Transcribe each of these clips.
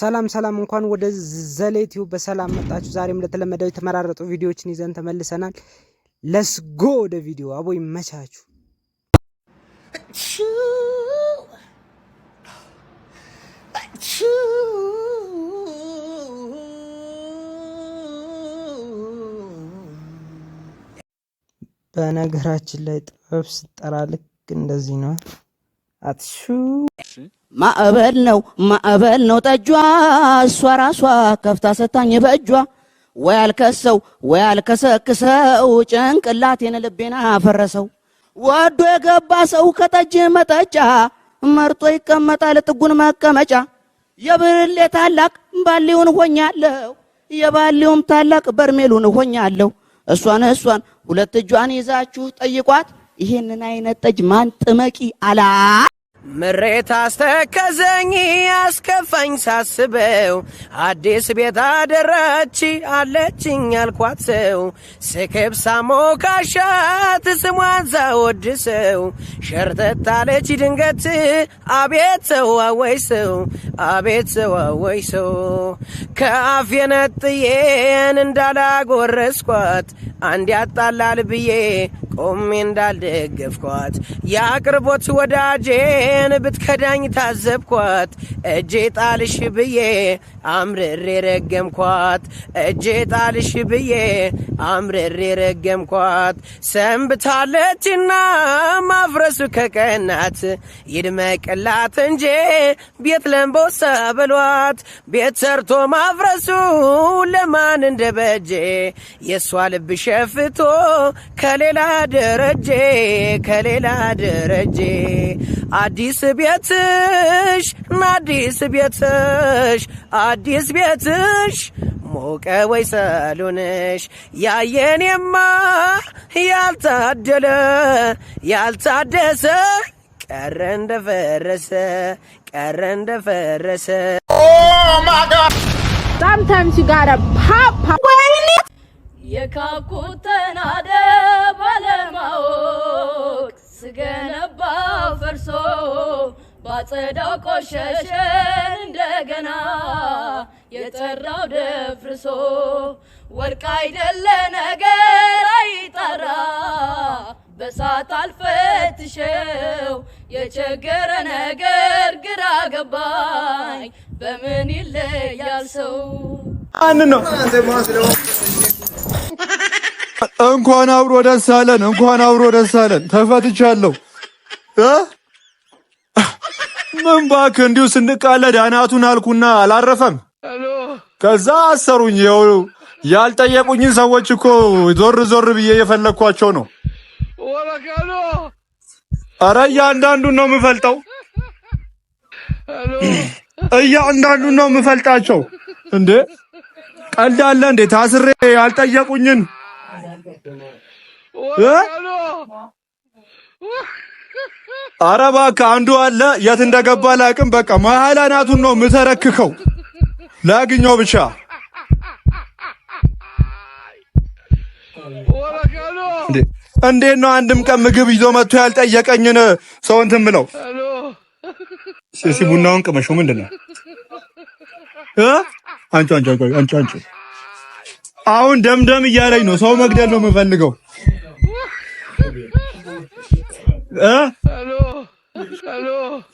ሰላም ሰላም፣ እንኳን ወደ ዘሌቲው በሰላም መጣችሁ። ዛሬም ለተለመደው የተመራረጡ ቪዲዮዎችን ይዘን ተመልሰናል። ለስ ጎ ወደ ቪዲዮ አቦ ይመቻችሁ። በነገራችን ላይ ጥበብ ስጠራ ልክ እንደዚህ ነው አትሹ ማዕበል ነው ማዕበል ነው ጠጇ እሷ ራሷ ከፍታ ሰታኝ በእጇ ወይ አልከሰው ወይ አልከሰክሰው ጭንቅላቴን ልቤና አፈረሰው። ወዶ የገባ ሰው ከጠጅ መጠጫ መርጦ ይቀመጣል ጥጉን መቀመጫ። የብርሌ ታላቅ ባሌውን ሆኛለሁ የባሌውም ታላቅ በርሜሉን ሆኛለሁ። እሷን እሷን ሁለት እጇን ይዛችሁ ጠይቋት ይህንን አይነት ጠጅ ማን ጥመቂ አላ ምሬት አስተከዘኝ አስከፋኝ ሳስበው አዲስ ቤት አደራች አለችኝ አልኳት ሰው ስክብ ሳሞካሻት ስሟን ሳወድሰው ሸርተት አለች ድንገት አቤት ሰው አወይ ሰው አቤት ሰው አወይ ሰው ከአፍ የነጥዬን እንዳላጎረስኳት አንድ ያጣላል ብዬ ቆሜ እንዳልደገፍኳት የአቅርቦት ወዳጄን ብትከዳኝ ታዘብኳት እጄ ጣልሽ ብዬ አምርሬ ረገምኳት እጄ ጣልሽ ብዬ አምርሬ ረገምኳት ሰንብታለችና ማፍረሱ ከቀናት ይድመቅላት እንጂ ቤት ለምቦሳ በሏት ቤት ሰርቶ ማፍረሱ ለማን እንደበጄ የእሷ ልብ ሸፍቶ ከሌላ ደረጄ ከሌላ ደረጄ አዲስ ቤትሽ አዲስ ቤትሽ አዲስ ቤትሽ ሞቀ ወይ ሰሉንሽ ያየኔማ ያልታደለ ያልታደሰ ቀረ እንደፈረሰ ቀረ እንደፈረሰ Sometimes you gotta pop, የካኩተናደ ባለ አጸዳው ቆሸሸን እንደገና የጠራው ደፍርሶ ወርቅ አይደለ ነገር አይጠራ በሳት አልፈትሸው የቸገረ ነገር ግራ ገባኝ በምን ይለያል ሰው አን ነው እንኳን አብሮ ደስ አለን እንኳን አብሮ ደስ አለን ተፈትቻለሁ ለምን ባክ እንዲሁ ስንቃለድ አናቱን አልኩና አላረፈም። ከዛ አሰሩኝ። ይኸው ያልጠየቁኝን ሰዎች እኮ ዞር ዞር ብዬ የፈለግኳቸው ነው። ኧረ እያንዳንዱን ነው የምፈልጠው፣ እያንዳንዱን ነው የምፈልጣቸው። እንዴ ቀልድ አለ እንዴ? ታስሬ ያልጠየቁኝን ኧረ እባክህ አንዱ አለ የት እንደገባ ላቅም። በቃ መሀል አናቱን ነው ምተረክከው ላግኘው ብቻ እንዴት ነው አንድም ቀን ምግብ ይዞ መጥቶ ያልጠየቀኝን ሰው እንትን ብለው። ሲሲ ቡናውን ቅመሹ። ምንድን ነው አንቺ አንቺ አንቺ አንቺ አሁን ደምደም እያለኝ ነው። ሰው መግደል ነው የምፈልገው።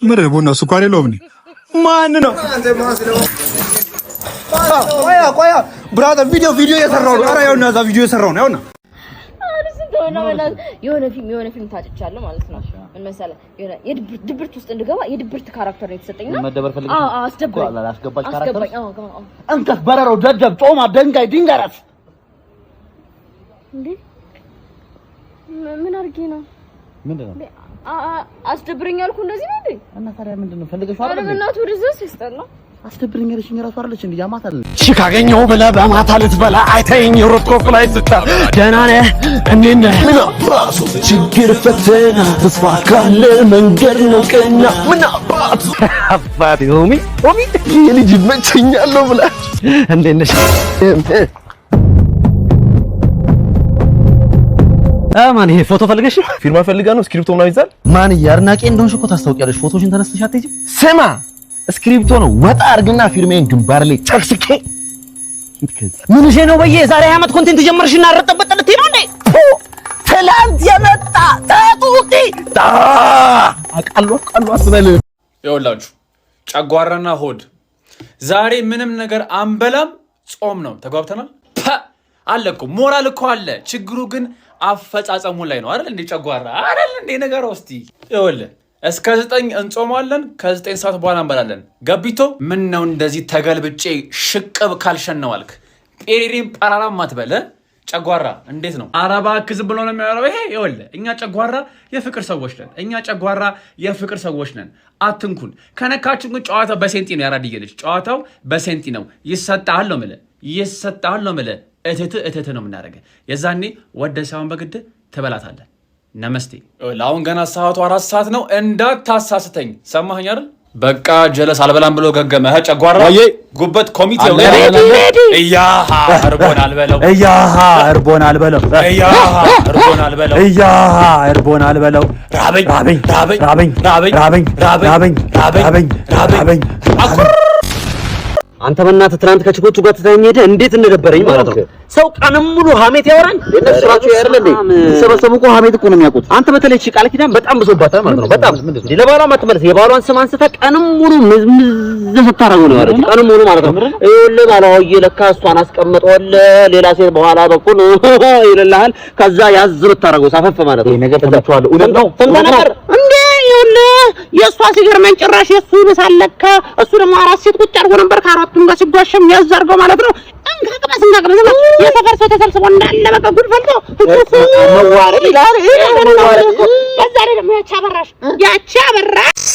ምን ቡና ስኳር የለውም። ማን ነው? ቆያ ቆያ ብራዘር፣ ቪዲዮ ቪዲዮ እየሰራሁ ነው። ኧረ ይኸውና እዛ ቪዲዮ እየሰራሁ ነው። ይኸውና የሆነ ፊልም የሆነ ፊልም ታጭቻለሁ ማለት ነው። ምን መሰለህ ድብርት ውስጥ እንድገባ የድብርት ካራክተር ነው የተሰጠኝ። እንከፍ በረረው፣ ደደብ፣ ጮማ፣ ደንጋይ፣ ምን አድርጌ ነው ምንድን ነው አስደብረኝ አልኩ። እንደዚህ ነው እንዴ? እና ታዲያ ምንድን ነው ፈልገሽ? አስደብረኛለሽ እራሱ አይደለች እንዴ? ያማታ እሺ፣ ካገኘሁ ብለህ በማታ ልትበላ አይተኸኝ ሮት ላይ ስታ ደህና ነህ እንዴት ነህ? ምን አባቱ ችግር ፈተና ተስፋ ካለ መንገድ ነው ቀና። ምን አባቱ አባቴ ሆሚ ሆሚ የልጅ መቸኛለሁ ብላ እንዴት ነሽ? ማን ይሄ ፎቶ ፈልገሽ ፊርማ ፈልጋ ነው ስክሪፕቶ ምናምን ይዛል። ማን አድናቄ እንደሆንሽ እኮ ታስታውቂያለሽ። ፎቶሽን ተነስተሽ አትሄጂም። ስማ ስክሪፕቶ ነው ወጣ አድርግና ፊርሜን ግንባር ላይ ጨቅስቄ ምን ይሄ ነው በየ ዛሬ ዓመት ኮንቴንት ጀመርሽና አረጠበት ጥልት ነው እንዴ? ትላንት የመጣ ታጡቲ ታ አቃሉ አቃሉ አስበል ይወላችሁ ጨጓራና ሆድ ዛሬ ምንም ነገር አንበላም። ጾም ነው ተጓብተናል። አለኩ እኮ ሞራል እኮ አለ። ችግሩ ግን አፈጻጸሙ ላይ ነው አይደል እንዴ? ጨጓራ አይደል እንዴ? ነገር ውስቲ ይኸውልህ እስከ ዘጠኝ እንጾማለን። ከዘጠኝ ሰዓት በኋላ እንበላለን። ገቢቶ ምን ነው እንደዚህ ተገልብጬ ሽቅብ ካልሸነዋልክ ጴሪሪን ጳራራም አትበለ ጨጓራ እንዴት ነው? ኧረ እባክህ ዝም ብሎ ነው የሚያወራው። ይሄ ይኸውልህ እኛ ጨጓራ የፍቅር ሰዎች ነን። እኛ ጨጓራ የፍቅር ሰዎች ነን። አትንኩን። ከነካችሁ ግን ጨዋታው በሴንቲ ነው። ያራድየልች ልጅ ጨዋታው በሴንቲ ነው። ይሰጣል ነው የምልህ፣ ይሰጣል ነው የምልህ እቴት እቴት ነው የምናደርገ። የዛኔ ወደ ሳይሆን በግድ ትበላታለን። ነመስቴ። ለአሁን ገና ሰዓቱ አራት ሰዓት ነው፣ እንዳታሳስተኝ ሰማኸኝ አይደል? በቃ ጀለስ አልበላም ብሎ ገገመ። ጨጓራ ጉበት ኮሚቴ እርቦን አልበለው እርቦን አልበለው እርቦን አልበለው ራበኝ ራበኝ ራበኝ ራበኝ ራበኝ ራበኝ ራበኝ ራበኝ አንተ በእናትህ ትናንት ከችኮቹ ጋር ትታኝ ሄደህ እንዴት እንደደበረኝ ማለት ነው። ሰው ቀንም ሙሉ ሀሜት ያወራል። እነሱ ስራቸው ያርለ እንዴ ሰበሰቡ እኮ ሀሜት እኮ ነው የሚያውቁት። አንተ በተለይ እቺ ቃል ኪዳን በጣም ብሶባታል ማለት ነው። በጣም እንዴ! ለባሏ ማትመለስ የባሏን ስም አንስታ ቀንም ሙሉ ምዝምዝ ስታረገው ነው ማለት ነው። ቀንም ሙሉ ማለት ነው። ይኸውልህ ባለሆዬ ለካ እሷን አስቀምጠዋል ሌላ ሴት በኋላ በኩል ይልልሃል። ከዛ ያዝ ብታረገው ሳፈፍ ማለት ነው። ይሄ ነገር ተመቸዋለሁ እውነት ነው። ተምታ ነበር ይኸውልህ የእሷ ሲገርመኝ ጭራሽ የእሱ ይብሳል ለካ። እሱ ደግሞ አራት ሴት ቁጭ አድርጎ ነበር ከአራቱም ጋር ሲጓሸም ያዝ አድርገው ማለት ነው። እንቅቅበስ እንቅቅበስ ነው የሰፈር ሰው ተሰብስቦ እንዳለ በቃ ጉድ ፈልቶ መዋረድ ይላል። በዛ ላይ ደግሞ ያቺ አበራሽ ያቺ አበራሽ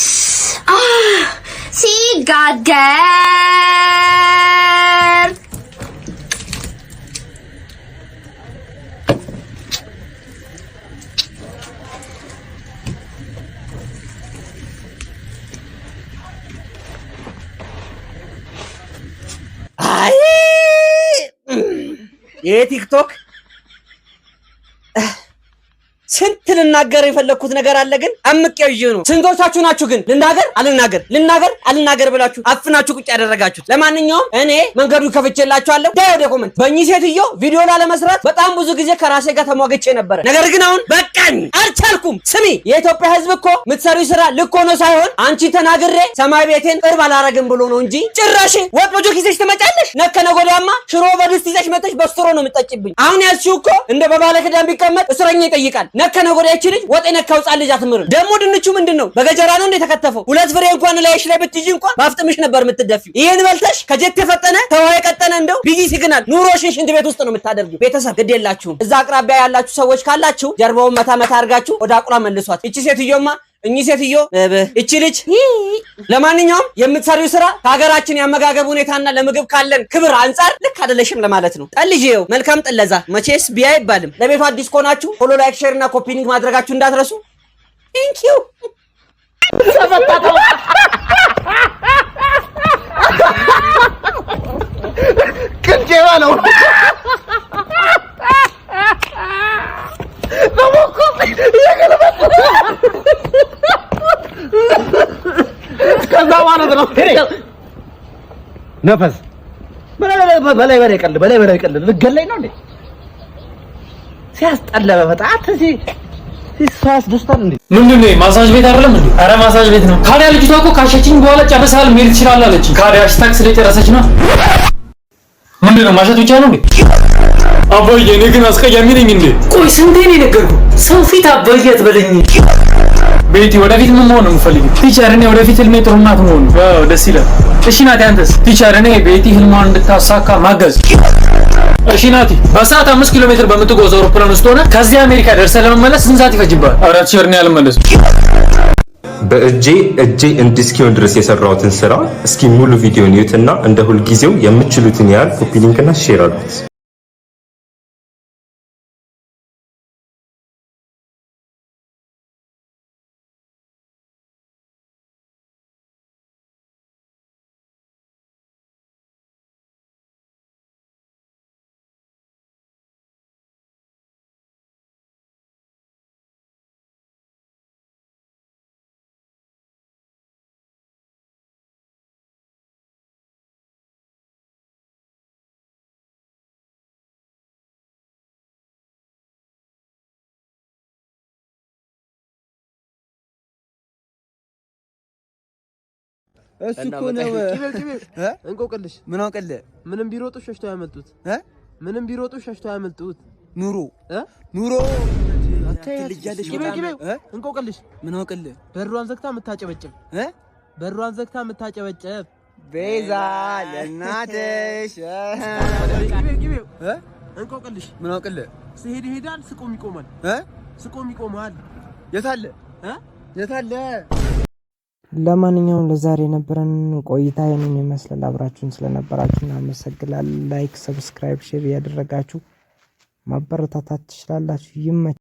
ሲጋደም ይሄ ቲክቶክ ስንት ልናገር የፈለግኩት ነገር አለ፣ ግን አምቄው ይዤ ነው። ስንቶቻችሁ ናችሁ ግን ልናገር አልናገር ልናገር አልናገር ብላችሁ አፍናችሁ ቁጭ ያደረጋችሁት? ለማንኛውም እኔ መንገዱ ከፍቼላችኋለሁ። ዳ ወደ ኮመንት። በእኚህ ሴትዮ ቪዲዮ ላለመስራት በጣም ብዙ ጊዜ ከራሴ ጋር ተሟግቼ ነበረ። ነገር ግን አሁን በቃኝ፣ አልቻልኩም። ስሚ የኢትዮጵያ ሕዝብ እኮ የምትሰሪ ስራ ልኮ ነው ሳይሆን አንቺ ተናግሬ ሰማይ ቤቴን ቅርብ አላረግም ብሎ ነው እንጂ ጭራሽ ወጥ በጆክ ይዘሽ ትመጫለሽ። ነከ ነጎዳማ ሽሮ በድስት ይዘሽ መተሽ በስትሮ ነው የምጠጭብኝ። አሁን ያልሺው እኮ እንደ በባለ ክዳን ቢቀመጥ እስረኛ ይጠይቃል። ነከ ያቺ ልጅ ወጥ ነካው ጻን ልጅ አትምርም። ደግሞ ድንቹ ምንድን ነው? በገጀራ ነው እንደ ተከተፈው? ሁለት ፍሬ እንኳን ላይሽ ላይ ብትይጂ እንኳን ባፍጥምሽ ነበር የምትደፊ። ይሄን በልተሽ ከጀት የፈጠነ ከውሃ የቀጠነ እንደው ቢጂ ሲግናል ኑሮሽን ሽንት ቤት ውስጥ ነው የምታደርጊ። ቤተሰብ ግድ የላችሁም። እዛ አቅራቢያ ያላችሁ ሰዎች ካላችሁ ጀርባውን መታ መታ አድርጋችሁ ወደ አቁላ መልሷት። ይቺ ሴትዮማ እኚህ ሴትዮ እቺ ልጅ ለማንኛውም የምትሰሪው ስራ ከሀገራችን የአመጋገብ ሁኔታና ለምግብ ካለን ክብር አንጻር ልክ አደለሽም ለማለት ነው። ጠልዤው መልካም ጥለዛ። መቼስ ቢያ አይባልም። ለቤቱ አዲስ ከሆናችሁ ፎሎ፣ ላይክ፣ ሼር እና ኮፒኒንግ ማድረጋችሁ እንዳትረሱ። ቴንኪዩ ነው። እስከዛ ነፈስ በላይ በላይ ቀልድ በላይ በላይ ቀልድ ልገለኝ ነው እንዴ? ሲያስጠላ በፈጣት እዚ ሰው ያስደስታል እንዴ? ምንድን ነው ማሳጅ ቤት አይደለም እንዴ? አረ ማሳጅ ቤት ነው። ካዲያ ልጅቷ እኮ ካሸችኝ በኋላ ጨርሳል መሄድ ትችላለች አለች። ካዲያ ታክስ ስለጨረሰች ነው። ምንድን ነው ማሸት ብቻ ነው እንዴ? አባዬ እኔ ግን አስቀያሚ ነኝ እንዴ? ቆይ ስንቴ ነው የነገርኩህ? ሰው ፊት አባዬ አትበለኝ። ቤቲ ወደፊት ምን መሆን ነው የምፈልገው? ቲቸር እኔ ወደፊት ህልሜ ጥሩ እናት መሆን ነው። አዎ ደስ ይላል። እሺ ናቲ አንተስ? ቲቸር እኔ ቤቲ ህልሟን እንድታሳካ ማገዝ። እሺ ናቲ በሰዓት አምስት ኪሎ ሜትር በምትጓዝ አውሮፕላን ውስጥ ሆነ ከዚህ አሜሪካ ደርሰህ ለመመለስ ስንት ሰዓት ይፈጅብሃል? ኧረ ቲቸር እኔ አልመለስም። በእጄ እጄ እንድስኪሆን ድረስ የሰራሁትን ስራ እስኪ ሙሉ ቪዲዮን እዩትና እንደ ሁልጊዜው የምችሉትን ያህል ኮፒ ሊንክና ሼር አድርጉት። እሱ እኮ ነው። እንቆቅልሽ ምን አውቅል? ምንም ቢሮጡ ሸሽቶ ያመልጡት ምንም ቢሮጡ ሸሽቶ ያመልጡት ኑሮ ኑሮ እንቆቅልሽ ምን አውቅል? በሯን ዘግታ የምታጨበጭብ በሯን ዘግታ የምታጨበጭብ ቤዛ ለእናትሽ እንቆቅልሽ ምን አውቅል? ስሄድ ይሄዳል፣ ስቆም ይቆማል። ስቆም ይቆማል። የታለ የታለ ለማንኛውም ለዛሬ የነበረን ቆይታ ይህንን ይመስላል አብራችሁን ስለነበራችሁ እናመሰግናለን ላይክ ሰብስክራይብ ሼር እያደረጋችሁ ማበረታታት ትችላላችሁ ይመች